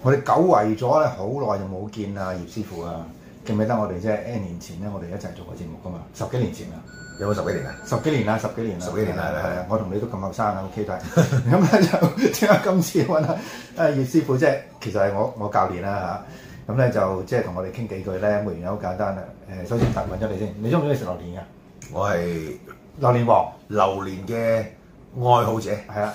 我哋久違咗咧，好耐就冇見啦，葉師傅啊，記唔記得我哋即係 N 年前咧，我哋一齊做過節目噶嘛？十幾年前啦，有冇十幾年啊？十幾年啦，十幾年啦，十幾年啦，係啊！我同你都咁後生啊，K 仔，咁咧就即係今次揾下誒葉師傅即係其實係我我教練啦嚇，咁、嗯、咧就即係同我哋傾幾句咧，個原因好簡單啦。誒，首先問問咗你先，你中唔中意食榴蓮噶？我係榴蓮王，榴蓮嘅愛好者，係啊。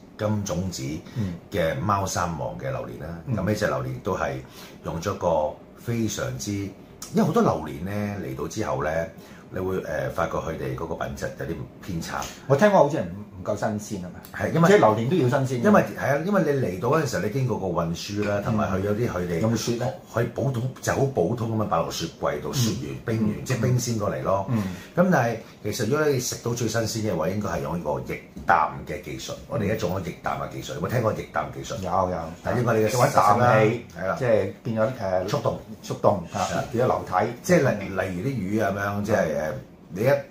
金、嗯、種子嘅貓山王嘅榴蓮啦，咁呢、嗯、隻榴蓮都係用咗個非常之，因為好多榴蓮咧嚟到之後咧，你會誒、呃、發覺佢哋嗰個品質有啲偏差。我聽過好似係。唔夠新鮮啊嘛，即係榴蓮都要新鮮。因為係啊，因為你嚟到嗰陣時候，你經過個運輸啦，同埋佢有啲佢哋用雪咧，佢普通就好普通咁樣擺落雪櫃度，雪完冰完，即係冰鮮過嚟咯。咁但係其實如果你食到最新鮮嘅話，應該係用呢個液氮嘅技術。我哋而家做緊液氮嘅技術，有冇聽過液氮技術？有有。但因為你嘅氮啦，即係變咗誒速凍，速凍變咗流體。即係例例如啲魚咁樣，即係誒你一。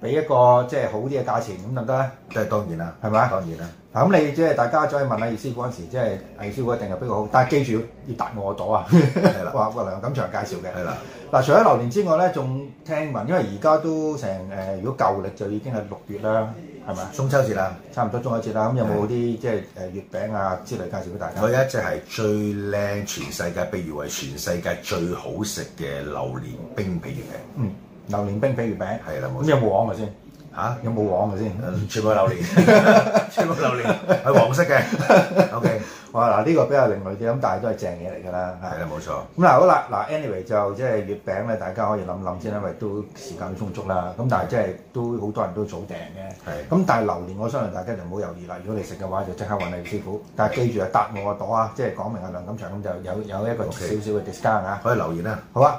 俾一個即係好啲嘅價錢咁得唔得咧？即係當然啦，係咪啊？當然啦。嗱咁你即係大家再問阿葉師傅嗰陣時，即係葉師傅一定係比較好。但係記住要答我，我朵啊！係 啦的，哇哇梁錦祥介紹嘅。係啦的。嗱，除咗榴蓮之外咧，仲聽聞，因為而家都成誒、呃，如果舊歷就已經係六月啦，係咪中秋節啦，差唔多中秋節啦。咁的有冇啲即係誒月餅啊之類介紹俾大家？佢一隻係最靚全世界，被譽為全世界最好食嘅榴蓮冰，冰皮月餅。嗯。榴蓮冰皮月餅係啦，咁有冇黃嘅先？嚇，有冇黃嘅先？全部榴蓮，全部榴蓮，係黃色嘅。OK，哇嗱，呢個比較另類啲，咁但係都係正嘢嚟㗎啦。係啦，冇錯。咁嗱，好啦，嗱，anyway 就即係月餅咧，大家可以諗諗先，因為都時間都充足啦。咁但係即係都好多人都早訂嘅。係。咁但係榴蓮，我相信大家就唔好猶豫啦。如果你食嘅話，就即刻揾你師傅。但係記住啊，搭我個朵啊，即係講明阿梁錦祥咁就有有一個少少嘅 discount 啊。可以留言啊，好啊。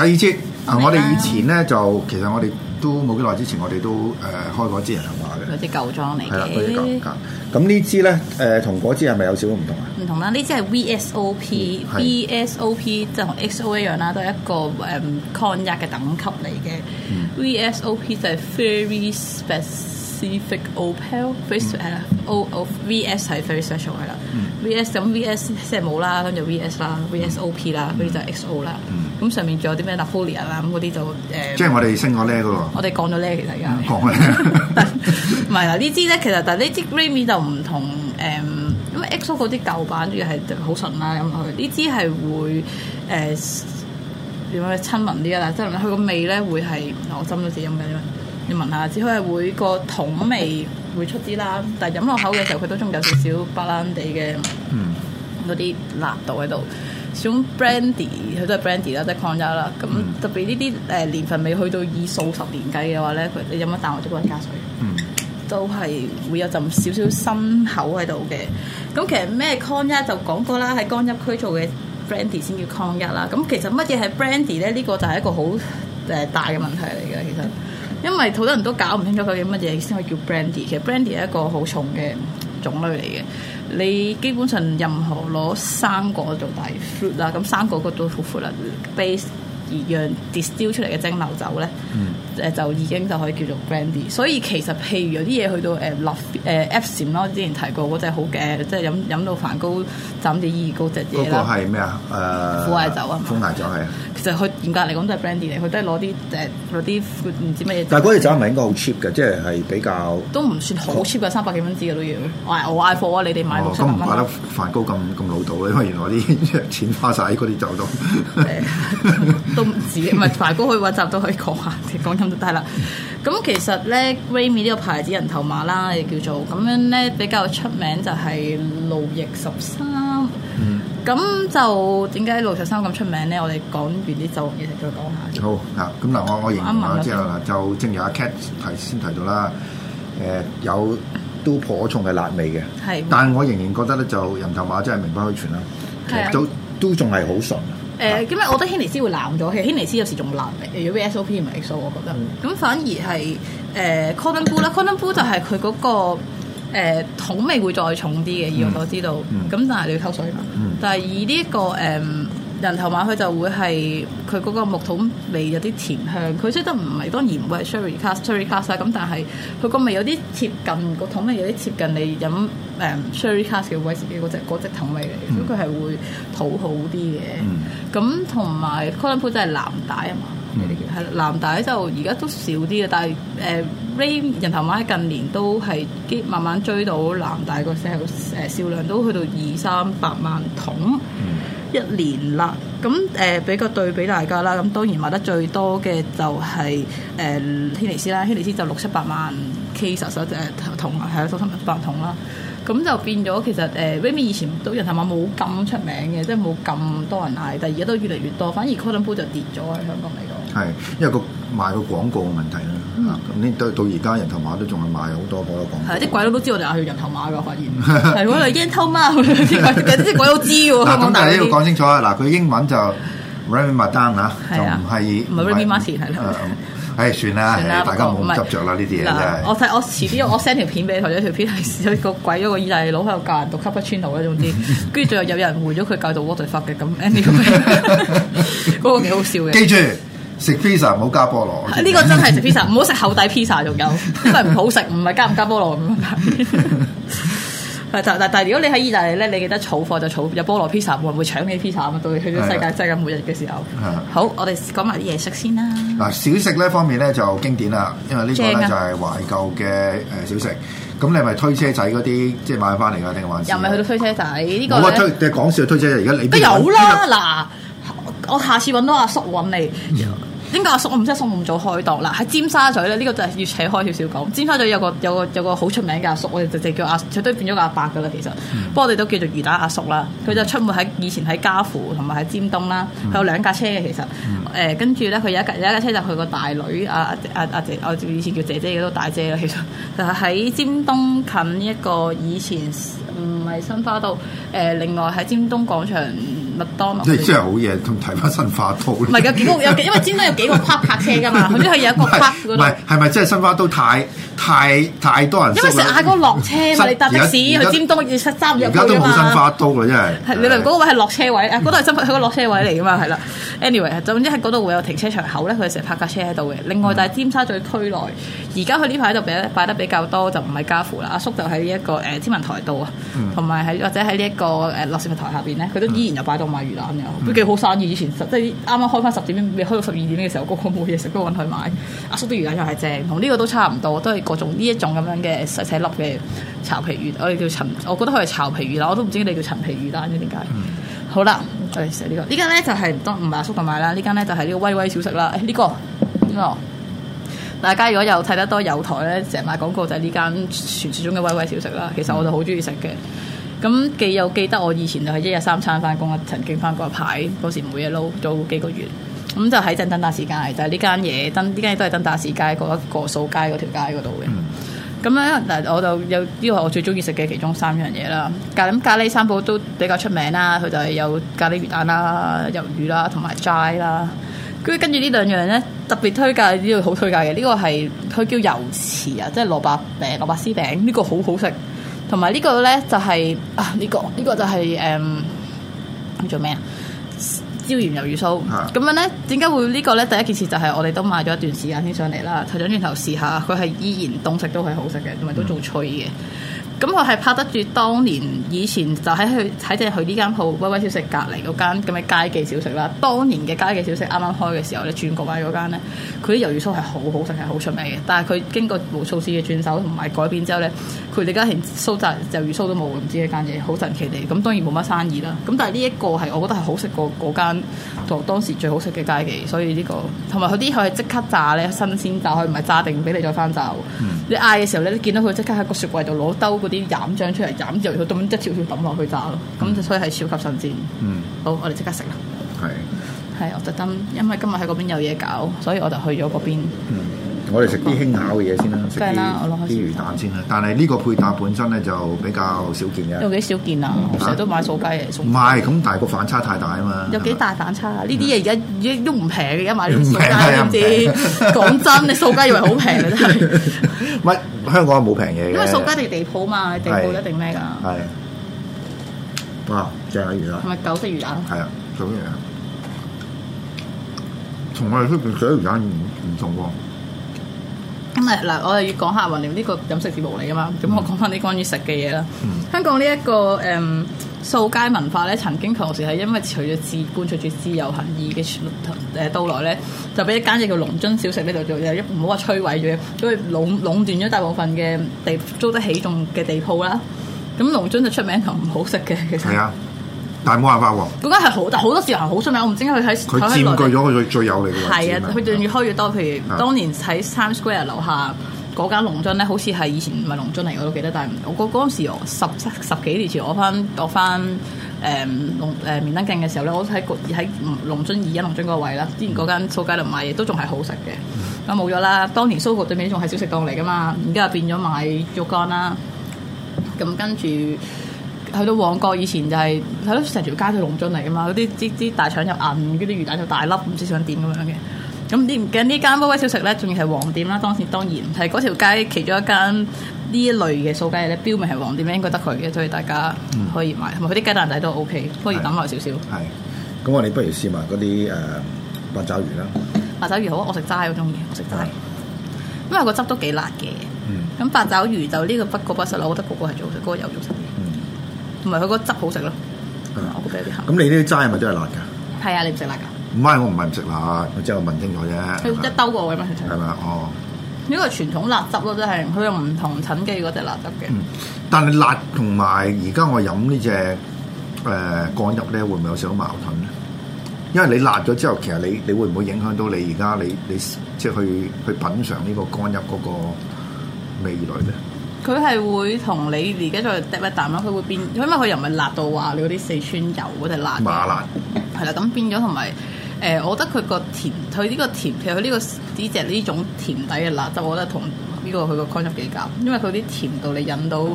第二支啊，我哋以前咧就其實我哋都冇幾耐之前，我哋都誒、呃、開過一支人頭馬嘅，有支舊裝嚟嘅。咁、嗯嗯、呢、呃、支咧誒同嗰支係咪有少少唔同啊？唔同啦，呢支係 V S O P，V S O P 就同 X O 一樣啦，都係一個誒 con、嗯、一嘅等級嚟嘅。 嗯、 V S O P 就係 very special。C. F. Opel, v e r fresh O. O. V. S. 係 very fresh 咁係啦。V. S. 咁 V. S. 即係冇啦，跟住 V. S. 啦，V. S. O. P. 啦，跟住就、um, X. O. 啦。咁上面仲有啲咩 n a p o 拿芙莉啦，咁嗰啲就誒。即係我哋升過呢個。我哋降咗呢，其實而家。降咧。唔係啦，呢支咧其實，但呢支 Remy 就唔同誒，因 X. O. 嗰啲舊版仲係好順啦，咁佢呢支係會誒點講，去親民啲啊，即係佢個味咧會係我斟咗自己飲緊你聞下，只可能會個桶味會出啲啦，但係飲落口嘅時候，佢都仲有少少白蘭地嘅嗰啲辣度喺度。講 brandy，佢都係 brandy 啦，即係 con 啦。咁特別呢啲誒年份未去到二、數十年計嘅話咧，佢你飲一啖，黃都冇人加水，mm. 都係會有浸少少心口喺度嘅。咁其實咩 con 一就講過啦，喺干邑區做嘅 brandy 先叫 con 一啦。咁其實乜嘢係 brandy 咧？呢、呢個就係一個好誒大嘅問題嚟嘅，其實。因為好多人都搞唔清楚究竟乜嘢先可以叫 brandy，其實 brandy 係一個好重嘅種類嚟嘅。你基本上任何攞生果做底 fruit 啦、啊，咁生果嗰度好 flavour base 而讓 distill 出嚟嘅蒸餾酒咧。嗯誒就已經就可以叫做 brandy，所以其實譬如有啲嘢去到誒、uh, love 誒 a s i n 咯，之前提過嗰隻好嘅，即係飲飲到梵高、枕、uh, 子二高隻嘢啦。嗰個係咩啊？誒，苦艾酒係嘛？苦艾酒係啊。其實佢嚴格嚟講都係 brandy 嚟，佢都係攞啲誒攞啲唔知乜嘢。但係嗰隻酒唔係應該好 cheap 嘅，即係係比較都唔算好 cheap 嘅，三百幾蚊紙嘅都要。我嗌貨啊，你哋買都唔買得梵高咁咁老土嘅，因為原來啲錢花晒，喺嗰啲酒度。都唔止，唔係梵高去揾酒都可以講下講咁就係啦，咁、嗯、其實咧 Remy 呢個牌子人頭馬啦，亦叫做咁樣咧比較出名就係路易十三。嗯，咁就點解路易十三咁出名咧？我哋講完啲酒嘢再講下。好嗱，咁、嗯、嗱我我形容咗之後嗱，就正如阿 Cat 提先提到啦，誒、呃、有都頗重嘅辣味嘅，係是，但係我仍然覺得咧就人頭馬真係名不虛傳啦，啊、就都仲係好純。誒，咁咪、呃、我覺得軒尼詩會濫咗其實，軒尼詩有時仲濫嘅，如果 V S O P 唔係 X O，我覺得。咁、嗯、反而係誒，Cordon Bleu 啦，Cordon Bleu 就係佢嗰個桶、呃、味會再重啲嘅，以我所知道。咁、嗯、但係你要抽水嘛，嗯、但係以呢、這、一個誒。呃人頭馬佢就會係佢嗰個木桶味有啲甜香，佢雖得唔係，當然唔會係 Sherry Cask Sherry Cask 咁，但係佢個味有啲接近、那個那個桶味，有啲接近你飲誒 Sherry Cask 嘅威士忌嗰隻嗰隻桶味嚟，所以佢係會討好啲嘅。咁同埋 Cordon 真係藍帶啊嘛，係藍帶就而家都少啲嘅，但係誒 Ray 人頭馬喺近年都係慢慢追到藍帶個 sell 銷量都去到二三百萬桶。嗯一年啦，咁誒、呃、畀個對比大家啦，咁當然買得最多嘅就係、是、誒、呃、軒尼詩啦，軒尼詩就六七百萬 case，十桶啊，係、呃、啊，三千八百桶啦，咁就變咗其實誒 Remy、呃、以前都人頭馬冇咁出名嘅，即係冇咁多人買。但係而家都越嚟越多，反而 Colombo 就跌咗，喺香港嚟講，係因為、那個賣個廣告嘅問題啦。咁呢到到而家人頭馬都仲係賣好多鬼佬講，係啲鬼佬都知我哋嗌佢人頭馬噶，發現係喎，係 gentleman 啲鬼佬知喎。但係你要講清楚啊！嗱，佢英文就 Remy Martin 吓，就唔係唔係 Remy Martin 係啦。誒，算啦，大家唔好執着啦呢啲。嗱，我睇我遲啲我 send 條片俾你，頭先條片係一個鬼咗個意大利佬喺度教人讀 cut a tunnel 咧，總之，跟住仲有人換咗佢教讀 waterfall 嘅咁 anyway，嗰個幾好笑嘅。記住。食 pizza 唔好加菠蘿。呢個真係食 pizza，唔好食厚底 pizza，仲有，因為唔好食，唔係加唔加菠蘿咁嘅問題。但但但如果你喺意大利咧，你記得儲貨就儲有菠蘿 pizza，冇人會搶你 pizza 啊。到去咗世界世界末日嘅時候，好，我哋講埋啲嘢食先啦。嗱，小食呢方面咧就經典啦，因為呢個咧就係懷舊嘅誒小食。咁你係咪推車仔嗰啲即係買翻嚟噶，定還是又咪去到推車仔呢個？我推講笑推車仔，而家你都有啦。嗱，我下次揾到阿叔揾你。點解阿叔，我唔知送咁早開檔啦，喺尖沙咀咧，呢、這個就係要扯開少少講。尖沙咀有個有個有個好出名嘅阿叔，我哋就直叫阿，佢都變咗個阿伯噶啦，其實。嗯、不過我哋都叫做魚蛋阿叔啦。佢就出沒喺以前喺嘉富同埋喺尖東啦。佢有兩架車嘅其實。誒、嗯，跟住咧，佢有一架有一架車就去個大女阿阿阿阿姐，我以前叫姐姐嘅都大姐啦，其實。就喺、是、尖東近一、這個以前唔係、嗯、新花道。誒、呃，另外喺尖東廣場。即係真係好嘢，同睇翻新花都。唔係嘅，因為尖東有幾個 park 泊車㗎嘛，佢都係有一個 park。唔係，係咪真係新花都太、太、太多人？因為成日喺嗰度落車嘛，你搭的士去尖東要塞揸唔入㗎嘛。而家都冇新花都啦，真係。你嚟個位係落車位嗰度係新花佢個落車位嚟㗎嘛，係啦。anyway，總之喺嗰度會有停車場口咧，佢成日泊架車喺度嘅。另外，就係尖沙咀區內，而家佢呢排喺度擺得比較多，就唔係家父啦。阿叔就喺呢一個誒天文台度啊，同埋喺或者喺呢一個誒落雪台下邊咧，佢都依然有擺到。買魚蛋嘅，都幾好生意。以前十即係啱啱開翻十點，未開到十二點嘅時候，個個冇嘢食都搵佢買。阿叔啲魚蛋又係正，同呢個都差唔多，都係各種呢一種咁樣嘅細細粒嘅巢皮魚，我哋叫陳，我覺得佢係巢皮魚啦，我都唔知你叫陳皮魚蛋啫，點解？嗯、好啦，我哋食呢個。呢間咧就係唔多，唔係阿叔同埋啦。呢間咧就係、是、呢個威威小食啦。呢、哎這個呢、這個，大家如果有睇得多有台咧，成日買廣告就係呢間傳說中嘅威威小食啦。其實我就好中意食嘅。嗯咁記有記得我以前就係一日三餐翻工啊，曾經翻過一排嗰時冇嘢撈做幾個月，咁就喺度登打士街，就係呢間嘢，登呢間嘢都係登打士街嗰、嗰、一個掃街嗰條街嗰度嘅。咁咧嗱，我就有呢個我最中意食嘅其中三樣嘢啦。咖喱咖喱三寶都比較出名啦，佢就係有咖喱魚蛋啦、魷魚啦、同埋齋啦。跟住跟住呢兩樣咧特別推介，呢、呢個好推介嘅。呢、呢個係佢叫油糍啊，即、就、係、係、蘿、蘿蔔餅、蘿蔔絲餅，呢、呢個好好食。同埋呢個咧就係啊，呢個呢、就是啊這個這個就係、是、誒、嗯、叫做咩啊，椒鹽魷魚酥咁、啊、樣咧，點解會個呢個咧？第一件事就係我哋都買咗一段時間先上嚟啦。頭轉轉頭試下，佢係依然凍食都係好食嘅，同埋都仲脆嘅。嗯咁我係拍得住，當年以前就喺佢喺佢呢間鋪威威小食隔離嗰間咁嘅街記小食啦。當年嘅街記小食啱啱開嘅時候，你轉過嚟嗰間咧，佢啲魷魚酥係好好食，係好出名嘅。但係佢經過無數次嘅轉手同埋改變之後呢，佢哋家慶酥炸魷魚酥都冇，唔知一間嘢好神奇地。咁當然冇乜生意啦。咁但係呢一個係我覺得係好食過嗰間同當時最好食嘅街記，所以呢、呢個同埋佢啲佢係即刻炸呢，新鮮炸，佢唔係炸定俾你再翻炸。Mm. 你嗌嘅時候咧，你都見到佢即刻喺個雪櫃度攞兜，啲醃漿出嚟醃，然後佢咁一條條抌落去炸咯，咁就、嗯、所以係超級神戰。嗯，好，我哋即刻食啦。係是，係，我特登，因為今日喺嗰邊有嘢搞，所以我就去咗嗰邊。嗯。我哋食啲輕巧嘅嘢先啦，食啲啲魚蛋先啦。但係呢個配搭本身咧就比較少見嘅。有幾少見啊！成日都買掃街，唔係咁，但係個反差太大啊嘛。有幾大反差啊？呢啲嘢而家都唔平嘅，而家買啲掃街點知？講真，你掃街以為好平嘅啫。唔係香港係冇平嘢嘅。因為掃街地地鋪啊嘛，地鋪一定咩㗎？係。哇！正呀魚蛋。係咪九色魚蛋？係啊，做乜蛋！啊？同我哋出邊整魚蛋唔唔重喎。咁啊嗱，我哋要講下雲聊呢個飲食節目嚟噶嘛，咁、嗯、我講翻啲關於食嘅嘢啦。嗯、香港呢、這、一個誒掃、呃、街文化咧，曾經同時係因為隨住自觀隨住自由行意嘅誒到來咧，就俾一間嘢叫龍津小食呢度做又一唔好話摧毀咗，所以壟壟斷咗大部分嘅地租得起種嘅地鋪啦。咁龍津就出名同唔好食嘅，其實。但係冇辦法喎，嗰間係好，但好多時候好出名，我唔知點解佢喺佢佔據咗佢最最有嚟㗎。係啊，佢越開越多。譬如當年喺 Times Square 樓下嗰間的龍津咧，好似係以前唔係龍津嚟，我都記得。但係我嗰嗰時十，十十幾年前我翻我翻誒、呃、龍誒、呃、面登徑嘅時候咧，我喺國喺龍津二一龍津個位啦。之前嗰間掃街度買嘢都仲係好食嘅，咁冇咗啦。當年 SOGO 對面仲係小食檔嚟㗎嘛，而家變咗賣肉乾啦。咁跟住。去到旺角以前就係係咯，成條街都係龍津嚟嘅嘛，嗰啲啲大腸又硬，嗰啲魚蛋就大粒，唔知想點咁樣嘅。咁你唔記得，呢間威鬼小食咧，仲要係黃店啦。當時當然係嗰條街其中一間呢一類嘅素雞咧，標明係黃店咧，應該得佢嘅，所以大家可以買。同埋佢啲雞蛋仔都 O、OK, K，可以等耐少少。係，咁我哋不如試埋嗰啲誒八爪魚啦。八爪魚好，我食齋我中意食齋，我哇因為個汁都幾辣嘅。咁、嗯、八爪魚就呢個不過不實囉，我覺得個個係最好、那個、有肉食，個個又食。同埋佢嗰汁好食咯，咁吧你呢啲齋係咪真係辣㗎？係啊，你唔食辣㗎？唔係我唔係唔食辣，我即係問清楚啫。佢一兜過我㗎嘛？係咪？哦，呢個傳統辣汁咯，真係佢用唔同陳記嗰隻辣汁嘅、嗯。但係辣同埋而家我飲、這個呃、干呢隻誒干邑咧，會唔會有少少矛盾咧？因為你辣咗之後，其實你你會唔會影響到你而家你你,你,你即係去去品嚐呢個干邑嗰個味蕾咧？佢係會同你而家再滴一啖咯，佢會變，因為佢又唔係辣到話你嗰啲四川油嗰啲辣，辣，麻辣係啦。咁變咗同埋誒，我覺得佢個甜，佢呢、呢個甜，其實佢呢個呢隻呢種甜底嘅辣，就我覺得同呢個佢個 concept 因為佢啲甜度你引到誒，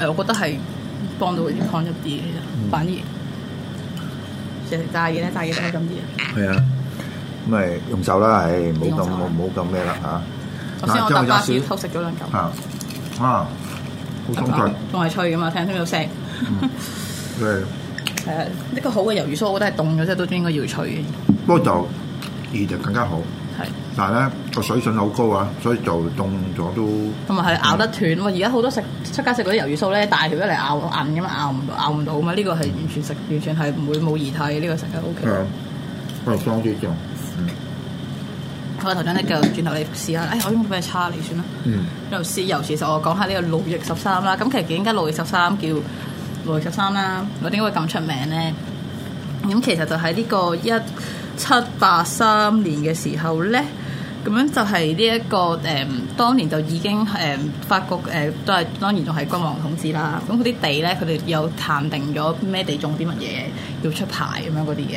我覺得係、這個呃、幫到佢 concept 嘅，嗯、反而成炸嘢咧，炸嘢都係咁啲。係的啊，咁咪用手啦，誒，冇咁冇冇咁咩啦嚇。頭先我搭巴士偷食咗兩嚿，啊，好鬆脆，仲係脆噶嘛，聽唔聽到聲？係啊，呢個好嘅魷魚須，我覺得係凍咗之後都應該要脆嘅。不過就熱就更加好。係，但係咧個水準好高啊，所以就凍咗都。同埋係咬得斷嘛，而家好多食出街食嗰啲魷魚須咧，大條一嚟咬硬咁啊，咬唔咬唔到啊嘛，呢個係完全食，完全係唔會冇儀態呢個食嘅 OK。係啊，係生啲仲。我頭先咧，繼續轉頭嚟試下。哎，我應該唔俾你叉你算啦。嗯。又試，尤其實我講下呢個路易十三啦。咁其實點解路易十三叫路易十三啦？我點解會咁出名咧？咁其實就喺呢個一七八三年嘅時候咧，咁樣就係呢一個誒，當年就已經誒法國誒都係當然仲係君王統治啦。咁嗰啲地咧，佢哋又談定咗咩地種啲乜嘢要出牌咁樣嗰啲嘅。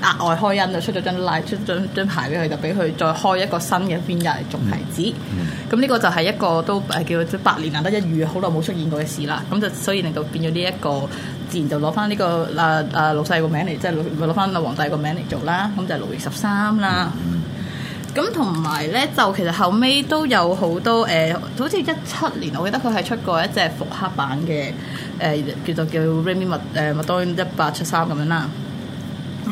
額外開恩就出咗張拉出張張牌俾佢，就俾佢再開一個新嘅邊嚟做牌子。咁呢、嗯嗯、個就係一個都誒叫做百年難得一遇，好耐冇出現過嘅事啦。咁就所以就令到變咗呢一個，自然就攞翻呢個誒誒、呃呃、老細個名嚟，即係攞翻老皇帝個名嚟做啦。咁就路易十三啦。咁同埋咧，就其實後尾都有好多誒、呃，好似一七年，我記得佢係出過一隻復刻版嘅誒，叫做叫 Remi 物誒，麥當一八七三咁樣啦。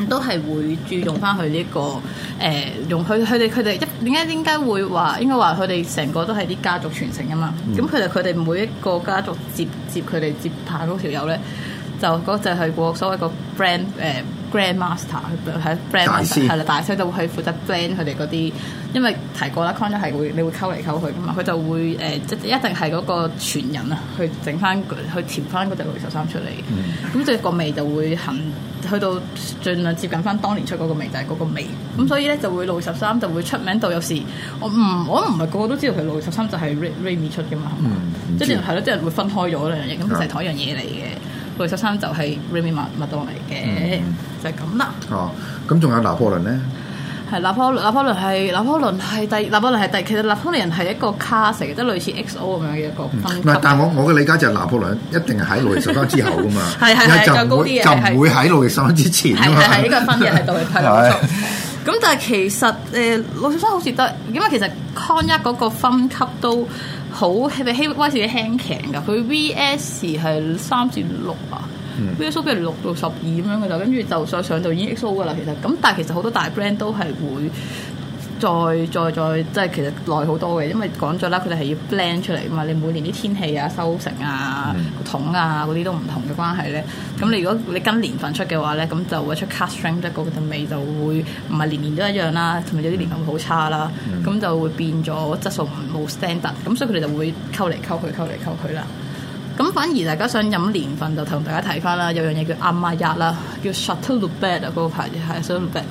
都係會注重翻佢呢個誒、呃，用佢佢哋佢哋，一點解點解，會話應該話佢哋成個都係啲家族傳承啊嘛。咁其實佢哋每一個家族接接佢哋接下嗰條友咧，就嗰就係個所謂個 brand 誒、呃。Grand Master 係啦，大師就會去負責 blend 佢哋嗰啲，因為提過啦，con 都係會你會溝嚟溝去噶嘛，佢就會誒即一定係嗰個傳人啊，去整翻去調翻嗰隻路易十三出嚟，咁即係個味就會行去到盡量接近翻當年出嗰個味就係嗰個味，咁所以咧就會路易十三就會出名到有時我唔我唔係個個都知道佢路易十三就係 Remy 出噶嘛，即係係咯，啲人會分開咗兩樣嘢，咁唔係同一樣嘢嚟嘅，路易十三就係 Remy Martin 嚟嘅。就係咁啦。哦，咁仲有拿破崙咧？係拿破拿破崙係拿破崙係第拿破崙係第，其實拿破崙人係一個卡士，即係類似 XO 咁樣嘅一個分級。唔係，但係我我嘅理解就拿破崙一定係喺路易十三之後噶嘛。係係係。就高啲嘅。係係。就唔會喺路易十三之前。係係，呢個分界度係太模糊。咁但係其實誒路易十三好似都，因為其實 Con 一嗰個分級都好希希威士忌輕騎㗎，佢 VS 係三至六啊。ex show 俾人六到十二咁樣嘅就，跟住就再上到 XO 噶啦，其實咁但係其實好多大 brand 都係會再再再即係其實耐好多嘅，因為講咗啦，佢哋係要 plan 出嚟啊嘛，你每年啲天氣啊、收成啊、桶啊嗰啲都唔同嘅關係咧，咁你如果你跟年份出嘅話咧，咁就會出 cut strength，即個嘅味就會唔係年年都一樣啦，同埋有啲年份會好差啦，咁、嗯、就會變咗質素唔好 stand up，咁所以佢哋就會溝嚟溝，溝，溝，溝去、溝嚟溝去啦。咁反而大家想飲年份，就同大家睇翻啦。有樣嘢叫阿馬遜啦，叫 Shuttleback 啊，嗰個牌子係 Shuttleback。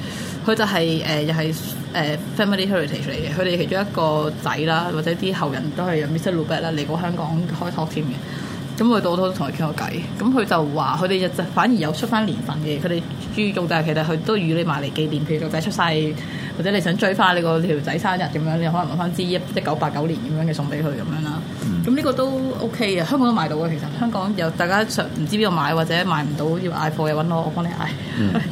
佢就係、是、誒、呃、又係誒、呃、family heritage 嚟嘅。佢哋其中一個仔啦，或者啲後人都係飲 Mr. Blueback 啦，嚟過香港開託添嘅。咁我到都同佢傾過偈。咁佢就話佢哋日就反而有出翻年份嘅。佢哋注重，但係其實佢都與你埋嚟紀念。譬如個仔出世，或者你想追翻你個條仔生日咁樣，你可能買翻支一九八九年咁樣嘅送俾佢咁樣啦。咁呢個都 OK 嘅，香港都買到嘅。其實香港有大家想唔知邊度買，或者買唔到要嗌貨嘅，搵我，我幫你嗌。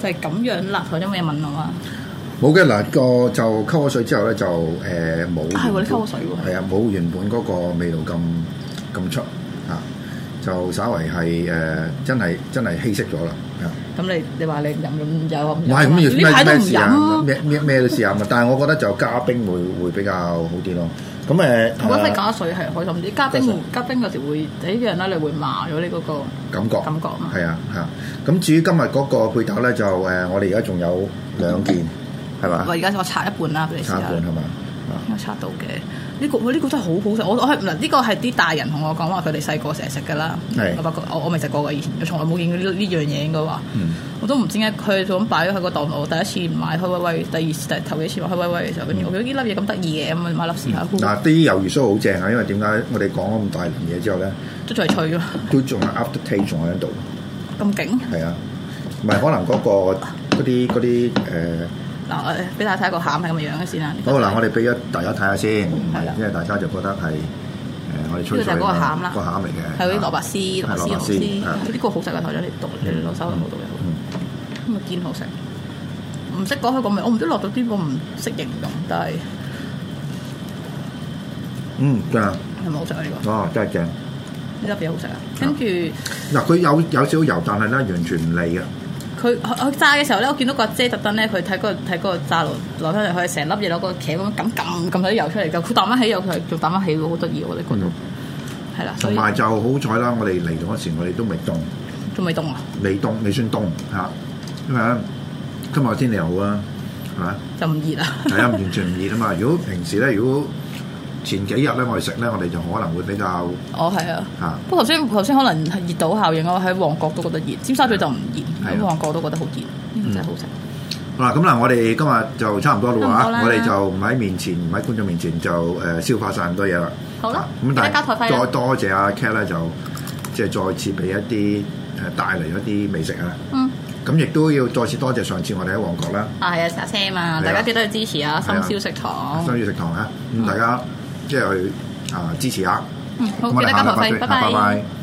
就係咁樣啦，頭先有問我嘛？冇嘅，嗱，個就溝咗水之後咧，就誒冇係喎，你溝咗水喎。係啊，冇原本嗰個味道咁咁出啊，就稍為係誒真係真係稀釋咗啦。咁你你話你飲飲酒唔飲？唔係咁，要咩咩咩咩咩都試下，但係我覺得就加冰會會比較好啲咯。咁誒，我覺得加水係開心啲。加冰加冰嗰時會誒一樣啦，你會麻咗你嗰個感覺，感覺係啊係啊。咁至於今日嗰個配搭咧，就誒我哋而家仲有兩件係嘛？我而家我拆一半啦，俾你試下。一半係嘛？我拆到嘅。呢、這個呢、這個真係好好食是，我我喺嗱呢個係啲大人同我講話，佢哋細個成日食噶啦。我咪我我未食過嘅，以前我從來冇見過呢呢、嗯、樣嘢應該話。我都唔知點解佢就咁擺咗喺個檔度，第一次買開威威，第二第頭幾次買開威威嘅時候，跟住我見到呢粒嘢咁得意嘅，咁咪買粒試下。嗱啲魷魚鬚好正啊，因為點解我哋講咗咁大輪嘢之後咧，都仲係脆咯，都仲係 aftertaste 仲喺度。咁勁？係啊，唔、就、係、是、可能嗰、那個啲啲誒。嗱，俾大家睇個餡係咁嘅樣先啦。好嗱，我哋俾咗大家睇下先，因為大家就覺得係誒我哋出佢啦。個餡嚟嘅係啲蘿蔔絲、蘿蔔絲、蘿蔔絲，呢個好食嘅頭獎嚟，讀你攞手環好讀嘅，咁啊見好食，唔識講佢個味，我唔知落到邊個唔識形容，但係嗯正係咪好食啊？呢個哦真係正，呢粒嘢好食啊，跟住嗱佢有有少油，但係咧完全唔膩嘅。佢佢炸嘅時候咧，我見到個姐特登咧，佢睇嗰個睇嗰個炸爐攞返嚟，成粒嘢攞個茄咁撳撳撳曬啲油出嚟，啊嗯，佢彈翻起又佢，仲彈翻起，好得意喎！啲觀眾。係啦，同埋就好彩啦！我哋嚟到嗰時，我哋都未凍，仲未凍啊？未凍，未算凍嚇，因為今日天，天氣又好啊，就唔熱啊！係啊，完全唔熱啊嘛！如果平時咧，如果。前幾日咧，我哋食咧，我哋就可能會比較哦，係啊，嚇！不過頭先頭先可能熱島效應我喺旺角都覺得熱，尖沙咀就唔熱，喺旺角都覺得好熱，真係好食。好啦，咁嗱，我哋今日就差唔多啦喎，我哋就唔喺面前，唔喺觀眾面前，就誒消化晒咁多嘢啦。好啦，咁但係再多謝阿 Cat 咧，就即係再次俾一啲誒帶嚟一啲美食啊！咁亦都要再次多謝上次我哋喺旺角啦。啊，係啊，沙車啊嘛，大家記得要支持啊！深宵食堂，深宵食堂啊！咁大家。即係去啊支持下，嗯，好，我哋下集再見。拜拜，拜拜拜拜。